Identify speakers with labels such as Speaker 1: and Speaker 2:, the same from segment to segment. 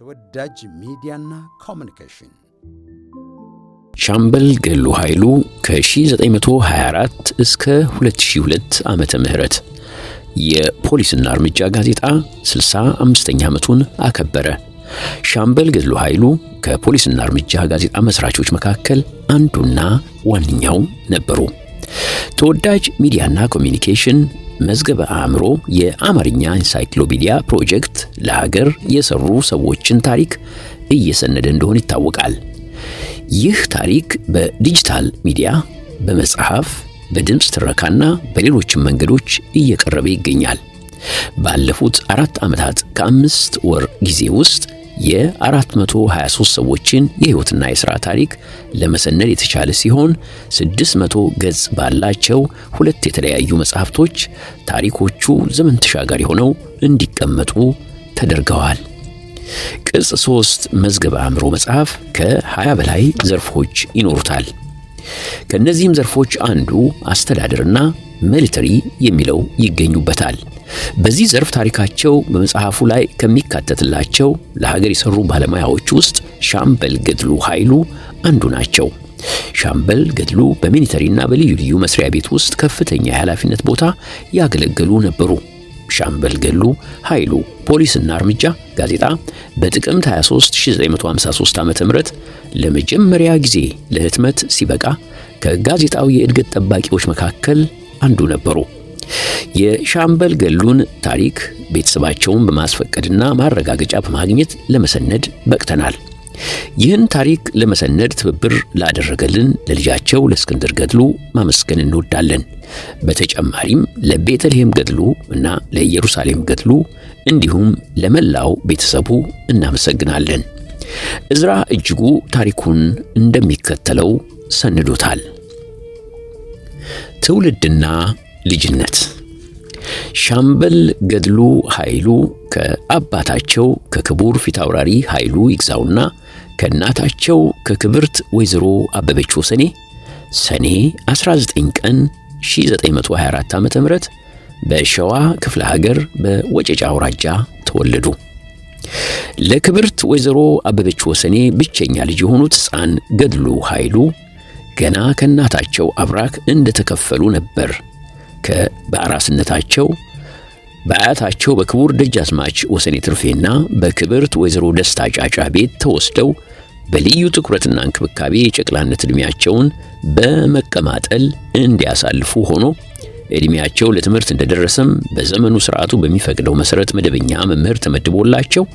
Speaker 1: ተወዳጅ ሚዲያና ኮሚኒኬሽን ሻምበል ገሉ ኃይሉ ከ1924 እስከ 2002 ዓመተ ምህረት የፖሊስና እርምጃ ጋዜጣ 65ኛ ዓመቱን አከበረ። ሻምበል ገሉ ኃይሉ ከፖሊስና እርምጃ ጋዜጣ መስራቾች መካከል አንዱና ዋነኛው ነበሩ። ተወዳጅ ሚዲያና ኮሚኒኬሽን መዝገበ አእምሮ የአማርኛ ኢንሳይክሎፒዲያ ፕሮጀክት ለሀገር የሰሩ ሰዎችን ታሪክ እየሰነደ እንደሆነ ይታወቃል። ይህ ታሪክ በዲጂታል ሚዲያ፣ በመጽሐፍ፣ በድምፅ ትረካና በሌሎችም መንገዶች እየቀረበ ይገኛል። ባለፉት አራት ዓመታት ከአምስት ወር ጊዜ ውስጥ የ423 ሰዎችን የህይወትና የሥራ ታሪክ ለመሰነድ የተቻለ ሲሆን 600 ገጽ ባላቸው ሁለት የተለያዩ መጽሐፍቶች ታሪኮቹ ዘመን ተሻጋሪ ሆነው እንዲቀመጡ ተደርገዋል። ቅጽ 3 መዝገበ አእምሮ መጽሐፍ ከ20 በላይ ዘርፎች ይኖሩታል። ከእነዚህም ዘርፎች አንዱ አስተዳደርና ሚሊተሪ የሚለው ይገኙበታል። በዚህ ዘርፍ ታሪካቸው በመጽሐፉ ላይ ከሚካተትላቸው ለሀገር የሰሩ ባለሙያዎች ውስጥ ሻምበል ገድሉ ኃይሉ አንዱ ናቸው። ሻምበል ገድሉ በሚሊተሪና በልዩ ልዩ መስሪያ ቤት ውስጥ ከፍተኛ የኃላፊነት ቦታ ያገለገሉ ነበሩ። ሻምበል ገድሉ ኃይሉ ፖሊስና እርምጃ ጋዜጣ በጥቅምት 23 1953 ዓ.ም ለመጀመሪያ ጊዜ ለህትመት ሲበቃ ከጋዜጣዊ የእድገት ጠባቂዎች መካከል አንዱ ነበሩ። የሻምበል ገሉን ታሪክ ቤተሰባቸውን በማስፈቀድና ማረጋገጫ በማግኘት ለመሰነድ በቅተናል። ይህን ታሪክ ለመሰነድ ትብብር ላደረገልን ለልጃቸው ለእስክንድር ገድሉ ማመስገን እንወዳለን። በተጨማሪም ለቤተልሔም ገድሉ እና ለኢየሩሳሌም ገድሉ እንዲሁም ለመላው ቤተሰቡ እናመሰግናለን። እዝራ እጅጉ ታሪኩን እንደሚከተለው ሰንዶታል። ትውልድና ልጅነት ሻምበል ገድሉ ኃይሉ ከአባታቸው ከክቡር ፊታውራሪ ኃይሉ ይግዛውና ከእናታቸው ከክብርት ወይዘሮ አበበች ወሰኔ ሰኔ 19 ቀን 1924 ዓ.ም በሸዋ ክፍለ ሀገር በወጨጫ አውራጃ ተወለዱ። ለክብርት ወይዘሮ አበበች ወሰኔ ብቸኛ ልጅ የሆኑት ሕፃን ገድሉ ኃይሉ ገና ከእናታቸው አብራክ እንደተከፈሉ ነበር። በአራስነታቸው በአያታቸው በክቡር ደጃዝማች ወሰኔ ትርፌና በክብርት ወይዘሮ ደስታ ጫጫ ቤት ተወስደው በልዩ ትኩረትና እንክብካቤ የጨቅላነት ዕድሜያቸውን በመቀማጠል እንዲያሳልፉ ሆኖ ዕድሜያቸው ለትምህርት እንደደረሰም በዘመኑ ስርዓቱ በሚፈቅደው መሰረት መደበኛ መምህር ተመድቦላቸው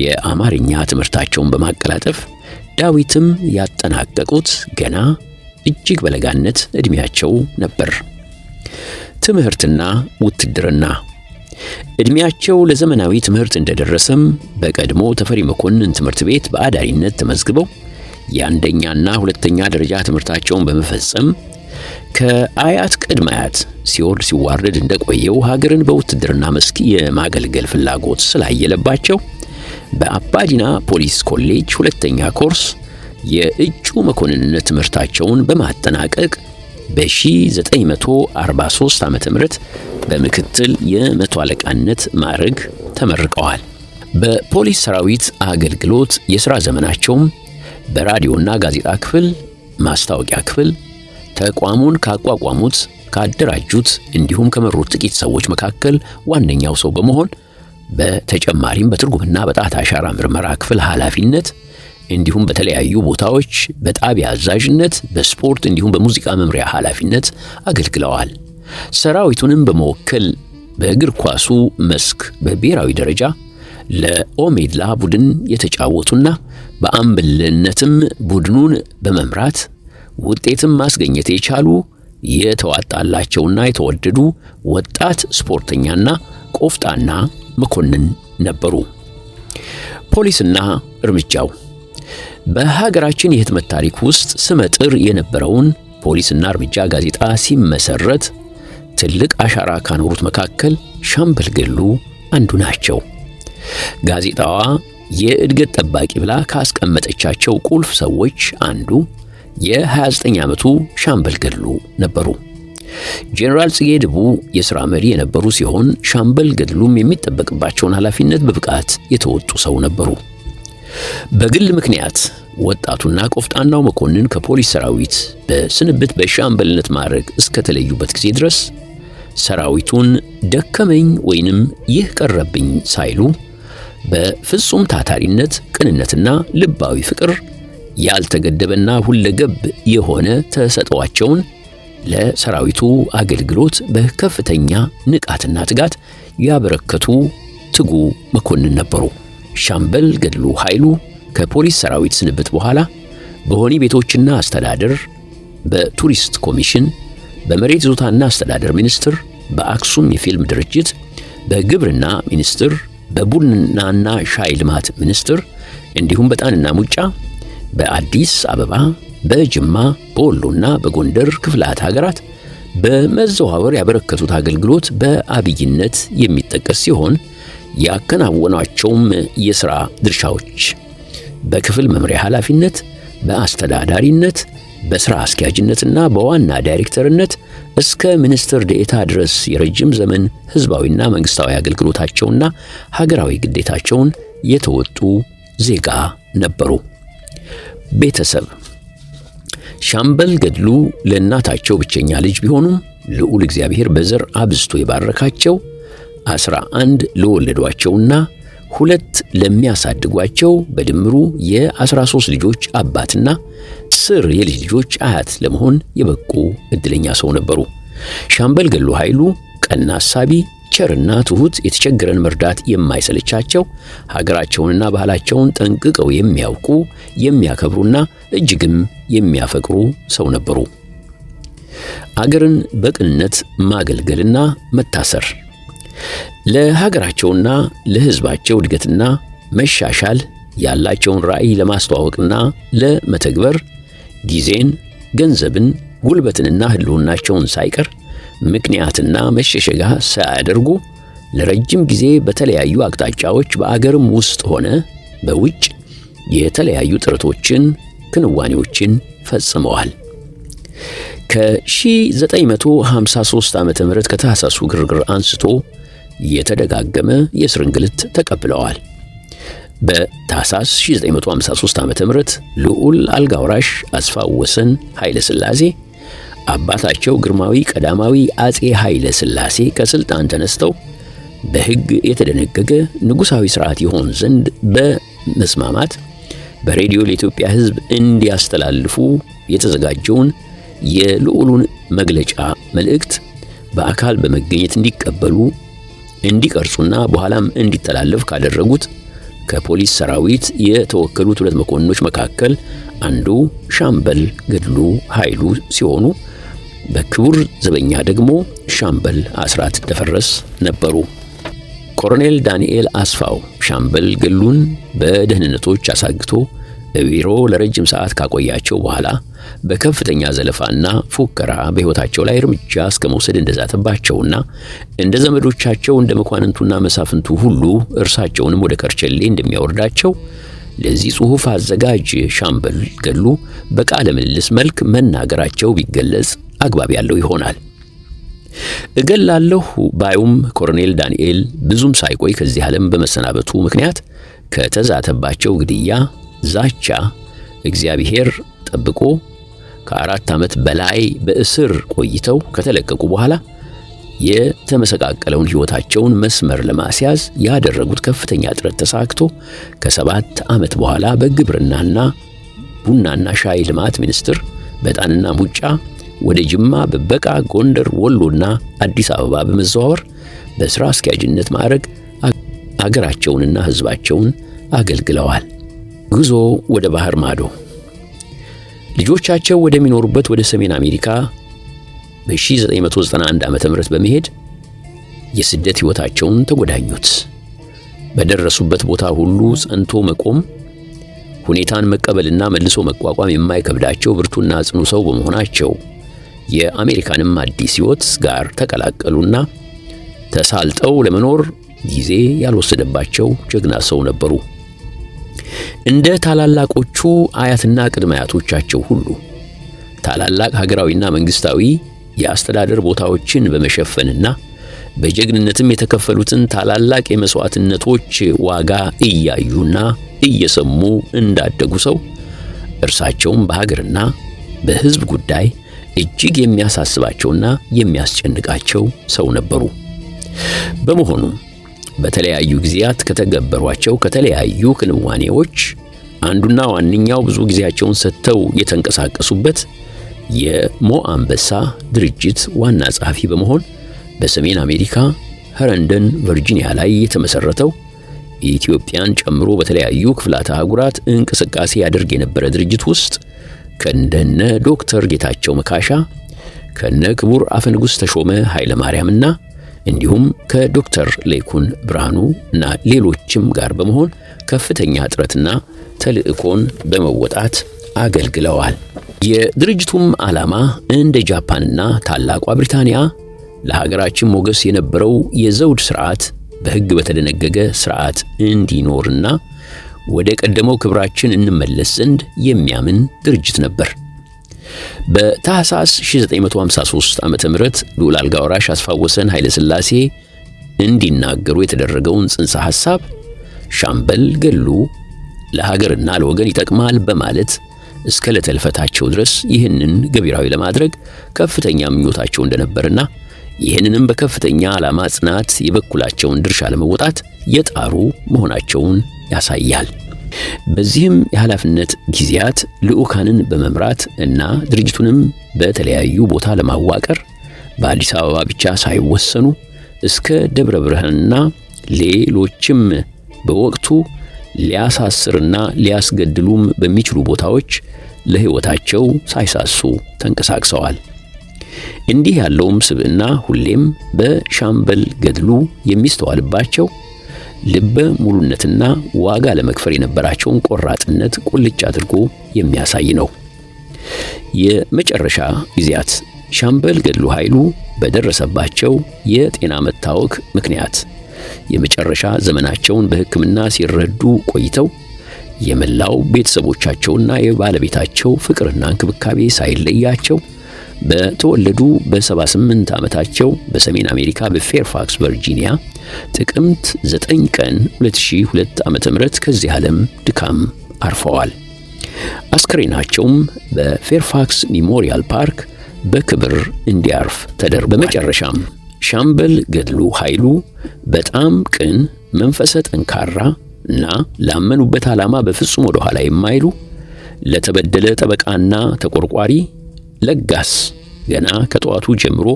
Speaker 1: የአማርኛ ትምህርታቸውን በማቀላጠፍ ዳዊትም ያጠናቀቁት ገና እጅግ በለጋነት እድሜያቸው ነበር። ትምህርትና ውትድርና እድሜያቸው ለዘመናዊ ትምህርት እንደደረሰም በቀድሞ ተፈሪ መኮንን ትምህርት ቤት በአዳሪነት ተመዝግበው የአንደኛና ሁለተኛ ደረጃ ትምህርታቸውን በመፈጸም ከአያት ቅድመ አያት ሲወርድ ሲዋረድ እንደቆየው ሀገርን በውትድርና መስክ የማገልገል ፍላጎት ስላየለባቸው በአባዲና ፖሊስ ኮሌጅ ሁለተኛ ኮርስ የእጩ መኮንንነት ትምህርታቸውን በማጠናቀቅ በ1943 ዓ.ም በምክትል የመቶ አለቃነት ማዕረግ ተመርቀዋል። በፖሊስ ሰራዊት አገልግሎት የሥራ ዘመናቸውም በራዲዮና ጋዜጣ ክፍል፣ ማስታወቂያ ክፍል፣ ተቋሙን ካቋቋሙት ካደራጁት እንዲሁም ከመሩት ጥቂት ሰዎች መካከል ዋነኛው ሰው በመሆን በተጨማሪም በትርጉምና በጣት አሻራ ምርመራ ክፍል ኃላፊነት እንዲሁም በተለያዩ ቦታዎች በጣቢያ አዛዥነት፣ በስፖርት እንዲሁም በሙዚቃ መምሪያ ኃላፊነት አገልግለዋል። ሰራዊቱንም በመወከል በእግር ኳሱ መስክ በብሔራዊ ደረጃ ለኦሜድላ ቡድን የተጫወቱና በአምበልነትም ቡድኑን በመምራት ውጤትም ማስገኘት የቻሉ የተዋጣላቸውና የተወደዱ ወጣት ስፖርተኛና ቆፍጣና መኮንን ነበሩ። ፖሊስና እርምጃው በሀገራችን የህትመት ታሪክ ውስጥ ስመጥር የነበረውን ፖሊስና እርምጃ ጋዜጣ ሲመሰረት ትልቅ አሻራ ካኖሩት መካከል ሻምበል ገሉ አንዱ ናቸው። ጋዜጣዋ የእድገት ጠባቂ ብላ ካስቀመጠቻቸው ቁልፍ ሰዎች አንዱ የ29 ዓመቱ ሻምበል ገሉ ነበሩ። ጄኔራል ጽጌ ድቡ የሥራ መሪ የነበሩ ሲሆን ሻምበል ገድሉም የሚጠበቅባቸውን ኃላፊነት በብቃት የተወጡ ሰው ነበሩ። በግል ምክንያት ወጣቱና ቆፍጣናው መኮንን ከፖሊስ ሰራዊት በስንብት በሻምበልነት ማድረግ እስከተለዩበት ጊዜ ድረስ ሰራዊቱን ደከመኝ ወይንም ይህ ቀረብኝ ሳይሉ በፍጹም ታታሪነት፣ ቅንነትና ልባዊ ፍቅር ያልተገደበና ሁለገብ የሆነ ተሰጠዋቸውን ለሰራዊቱ አገልግሎት በከፍተኛ ንቃትና ትጋት ያበረከቱ ትጉ መኮንን ነበሩ። ሻምበል ገድሉ ኃይሉ ከፖሊስ ሰራዊት ስንብት በኋላ በሆኒ ቤቶችና አስተዳደር፣ በቱሪስት ኮሚሽን፣ በመሬት ይዞታና አስተዳደር ሚኒስቴር፣ በአክሱም የፊልም ድርጅት፣ በግብርና ሚኒስቴር፣ በቡናና ሻይ ልማት ሚኒስቴር እንዲሁም በጣንና ሙጫ፣ በአዲስ አበባ፣ በጅማ፣ በወሎና በጎንደር ክፍላት ሀገራት በመዘዋወር ያበረከቱት አገልግሎት በአብይነት የሚጠቀስ ሲሆን ያከናወኗቸውም የሥራ ድርሻዎች በክፍል መምሪያ ኃላፊነት፣ በአስተዳዳሪነት፣ በሥራ አስኪያጅነትና በዋና ዳይሬክተርነት እስከ ሚኒስትር ዴኤታ ድረስ የረጅም ዘመን ሕዝባዊና መንግሥታዊ አገልግሎታቸውና ሀገራዊ ግዴታቸውን የተወጡ ዜጋ ነበሩ። ቤተሰብ ሻምበል ገድሉ ለእናታቸው ብቸኛ ልጅ ቢሆኑም ልዑል እግዚአብሔር በዘር አብዝቶ የባረካቸው አስራ አንድ ለወለዷቸውና ሁለት ለሚያሳድጓቸው በድምሩ የ13 ልጆች አባትና ስር የልጅ ልጆች አያት ለመሆን የበቁ እድለኛ ሰው ነበሩ። ሻምበል ገሉ ኃይሉ ቀና አሳቢ፣ ቸርና ትሑት፣ የተቸገረን መርዳት የማይሰለቻቸው ሀገራቸውንና ባህላቸውን ጠንቅቀው የሚያውቁ የሚያከብሩና እጅግም የሚያፈቅሩ ሰው ነበሩ። አገርን በቅንነት ማገልገልና መታሰር ለሀገራቸውና ለሕዝባቸው እድገትና መሻሻል ያላቸውን ራዕይ ለማስተዋወቅና ለመተግበር ጊዜን፣ ገንዘብን፣ ጉልበትንና ህልውናቸውን ሳይቀር ምክንያትና መሸሸጋ ሳያደርጉ ለረጅም ጊዜ በተለያዩ አቅጣጫዎች በአገርም ውስጥ ሆነ በውጭ የተለያዩ ጥረቶችን፣ ክንዋኔዎችን ፈጽመዋል። ከ1953 ዓ ም ከታህሳሱ ግርግር አንስቶ የተደጋገመ የእስር እንግልት ተቀብለዋል። በታህሳስ 1953 ዓ ም ልዑል አልጋውራሽ አስፋው ወሰን ኃይለ ሥላሴ አባታቸው ግርማዊ ቀዳማዊ አጼ ኃይለ ሥላሴ ከሥልጣን ተነስተው በሕግ የተደነገገ ንጉሣዊ ሥርዓት ይሆን ዘንድ በመስማማት በሬዲዮ ለኢትዮጵያ ሕዝብ እንዲያስተላልፉ የተዘጋጀውን የልዑሉን መግለጫ መልእክት በአካል በመገኘት እንዲቀበሉ እንዲቀርጹና በኋላም እንዲተላለፍ ካደረጉት ከፖሊስ ሰራዊት የተወከሉት ሁለት መኮንኖች መካከል አንዱ ሻምበል ገድሉ ኃይሉ ሲሆኑ በክቡር ዘበኛ ደግሞ ሻምበል አስራት ደፈረስ ነበሩ። ኮሎኔል ዳንኤል አስፋው ሻምበል ገድሉን በደህንነቶች አሳግቶ ቢሮ ለረጅም ሰዓት ካቆያቸው በኋላ በከፍተኛ ዘለፋና ፉከራ በሕይወታቸው ላይ እርምጃ እስከ መውሰድ እንደዛተባቸውና እንደ ዘመዶቻቸው እንደ መኳንንቱና መሳፍንቱ ሁሉ እርሳቸውንም ወደ ከርቸሌ እንደሚያወርዳቸው ለዚህ ጽሑፍ አዘጋጅ ሻምበል ገሉ በቃለ ምልልስ መልክ መናገራቸው ቢገለጽ አግባብ ያለው ይሆናል። እገላለሁ ባዩም ኮሎኔል ዳንኤል ብዙም ሳይቆይ ከዚህ ዓለም በመሰናበቱ ምክንያት ከተዛተባቸው ግድያ ዛቻ እግዚአብሔር ጠብቆ ከአራት ዓመት በላይ በእስር ቆይተው ከተለቀቁ በኋላ የተመሰቃቀለውን ሕይወታቸውን መስመር ለማስያዝ ያደረጉት ከፍተኛ ጥረት ተሳክቶ ከሰባት ዓመት በኋላ በግብርናና ቡናና ሻይ ልማት ሚኒስቴር በጣንና ሙጫ ወደ ጅማ፣ በበቃ፣ ጎንደር፣ ወሎና አዲስ አበባ በመዘዋወር በሥራ አስኪያጅነት ማዕረግ አገራቸውንና ሕዝባቸውን አገልግለዋል። ጉዞ ወደ ባህር ማዶ ልጆቻቸው ወደሚኖሩበት ወደ ሰሜን አሜሪካ በ1991 ዓ ም በመሄድ የስደት ሕይወታቸውን ተጎዳኙት። በደረሱበት ቦታ ሁሉ ጸንቶ መቆም፣ ሁኔታን መቀበልና መልሶ መቋቋም የማይከብዳቸው ብርቱና ጽኑ ሰው በመሆናቸው የአሜሪካንም አዲስ ሕይወት ጋር ተቀላቀሉና ተሳልጠው ለመኖር ጊዜ ያልወሰደባቸው ጀግና ሰው ነበሩ። እንደ ታላላቆቹ አያትና ቅድመ አያቶቻቸው ሁሉ ታላላቅ ሀገራዊና መንግስታዊ የአስተዳደር ቦታዎችን በመሸፈንና በጀግንነትም የተከፈሉትን ታላላቅ የመስዋዕትነቶች ዋጋ እያዩና እየሰሙ እንዳደጉ ሰው እርሳቸውም በሀገርና በሕዝብ ጉዳይ እጅግ የሚያሳስባቸውና የሚያስጨንቃቸው ሰው ነበሩ። በመሆኑም በተለያዩ ጊዜያት ከተገበሯቸው ከተለያዩ ክንዋኔዎች አንዱና ዋነኛው ብዙ ጊዜያቸውን ሰጥተው የተንቀሳቀሱበት የሞ አንበሳ ድርጅት ዋና ጸሐፊ በመሆን በሰሜን አሜሪካ ኸረንደን ቨርጂኒያ ላይ የተመሰረተው ኢትዮጵያን ጨምሮ በተለያዩ ክፍላተ አህጉራት እንቅስቃሴ ያደርግ የነበረ ድርጅት ውስጥ ከእንደነ ዶክተር ጌታቸው መካሻ ከነ ክቡር አፈንጉስ ተሾመ ኃይለማርያምና እንዲሁም ከዶክተር ሌኩን ብርሃኑ እና ሌሎችም ጋር በመሆን ከፍተኛ ጥረትና ተልዕኮን በመወጣት አገልግለዋል። የድርጅቱም ዓላማ እንደ ጃፓንና ታላቋ ብሪታንያ ለሀገራችን ሞገስ የነበረው የዘውድ ሥርዓት በሕግ በተደነገገ ሥርዓት እንዲኖርና ወደ ቀደመው ክብራችን እንመለስ ዘንድ የሚያምን ድርጅት ነበር። በታህሳስ 1953 ዓ.ም ልዑል አልጋ ወራሽ አስፋወሰን ኃይለ ሥላሴ እንዲናገሩ የተደረገውን ጽንሰ ሐሳብ ሻምበል ገሉ ለሀገርና ለወገን ይጠቅማል በማለት እስከ ለተልፈታቸው ድረስ ይህንን ገቢራዊ ለማድረግ ከፍተኛ ምኞታቸው እንደነበርና ይህንንም በከፍተኛ ዓላማ ጽናት የበኩላቸውን ድርሻ ለመወጣት የጣሩ መሆናቸውን ያሳያል። በዚህም የኃላፊነት ጊዜያት ልዑካንን በመምራት እና ድርጅቱንም በተለያዩ ቦታ ለማዋቀር በአዲስ አበባ ብቻ ሳይወሰኑ እስከ ደብረ ብርሃንና ሌሎችም በወቅቱ ሊያሳስርና ሊያስገድሉም በሚችሉ ቦታዎች ለሕይወታቸው ሳይሳሱ ተንቀሳቅሰዋል። እንዲህ ያለውም ስብዕና ሁሌም በሻምበል ገድሉ የሚስተዋልባቸው ልበ ሙሉነትና ዋጋ ለመክፈል የነበራቸውን ቆራጥነት ቁልጭ አድርጎ የሚያሳይ ነው። የመጨረሻ ጊዜያት ሻምበል ገድሉ ኃይሉ በደረሰባቸው የጤና መታወክ ምክንያት የመጨረሻ ዘመናቸውን በሕክምና ሲረዱ ቆይተው የመላው ቤተሰቦቻቸውና የባለቤታቸው ፍቅርና እንክብካቤ ሳይለያቸው በተወለዱ በ78 ዓመታቸው በሰሜን አሜሪካ በፌርፋክስ ቨርጂኒያ ጥቅምት 9 ቀን 2002 ዓ.ም ከዚህ ዓለም ድካም አርፈዋል። አስክሬናቸውም በፌርፋክስ ሚሞሪያል ፓርክ በክብር እንዲያርፍ ተደርጓል። በመጨረሻም ሻምበል ገድሉ ኃይሉ በጣም ቅን፣ መንፈሰ ጠንካራ እና ላመኑበት ዓላማ በፍጹም ወደ ኋላ የማይሉ ለተበደለ ጠበቃና ተቆርቋሪ ለጋስ ገና ከጠዋቱ ጀምሮ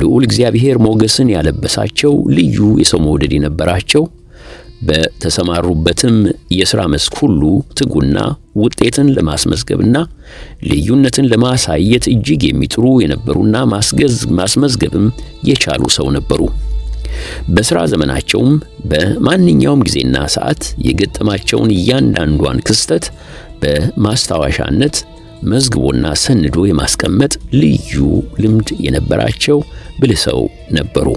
Speaker 1: ልዑል እግዚአብሔር ሞገስን ያለበሳቸው ልዩ የሰው መውደድ የነበራቸው በተሰማሩበትም የሥራ መስክ ሁሉ ትጉና ውጤትን ለማስመዝገብና ልዩነትን ለማሳየት እጅግ የሚጥሩ የነበሩና ማስገዝ ማስመዝገብም የቻሉ ሰው ነበሩ። በሥራ ዘመናቸውም በማንኛውም ጊዜና ሰዓት የገጠማቸውን እያንዳንዷን ክስተት በማስታወሻነት መዝግቦና ሰንዶ የማስቀመጥ ልዩ ልምድ የነበራቸው ብልህ ሰው ነበሩ።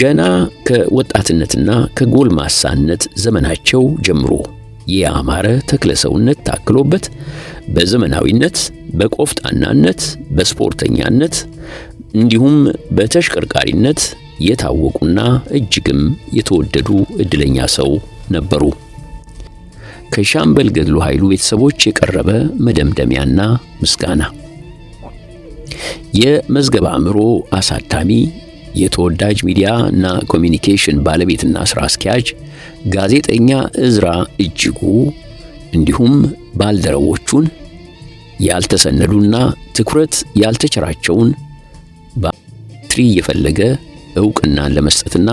Speaker 1: ገና ከወጣትነትና ከጎልማሳነት ዘመናቸው ጀምሮ የአማረ ተክለ ሰውነት ታክሎበት በዘመናዊነት፣ በቆፍጣናነት፣ በስፖርተኛነት እንዲሁም በተሽከርካሪነት የታወቁና እጅግም የተወደዱ እድለኛ ሰው ነበሩ። ከሻምበል ገድሉ ኃይሉ ቤተሰቦች የቀረበ መደምደሚያና ምስጋና የመዝገበ አእምሮ አሳታሚ የተወዳጅ ሚዲያ እና ኮሚኒኬሽን ባለቤትና ስራ አስኪያጅ ጋዜጠኛ እዝራ እጅጉ እንዲሁም ባልደረቦቹን ያልተሰነዱና ትኩረት ያልተቸራቸውን ባትሪ እየፈለገ እውቅናን ለመስጠትና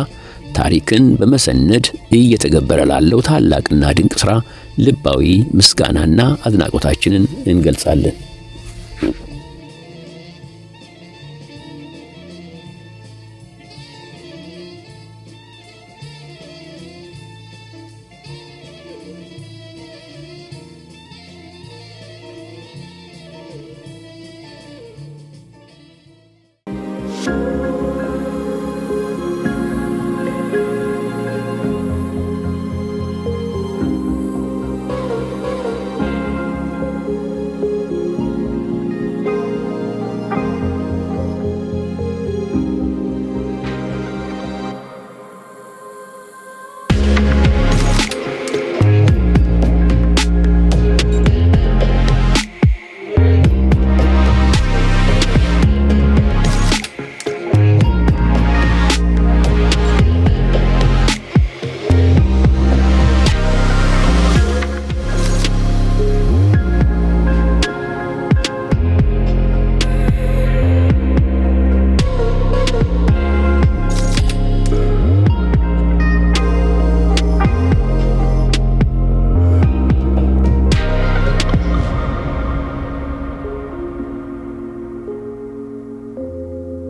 Speaker 1: ታሪክን በመሰነድ እየተገበረ ላለው ታላቅና ድንቅ ሥራ ልባዊ ምስጋናና አድናቆታችንን እንገልጻለን።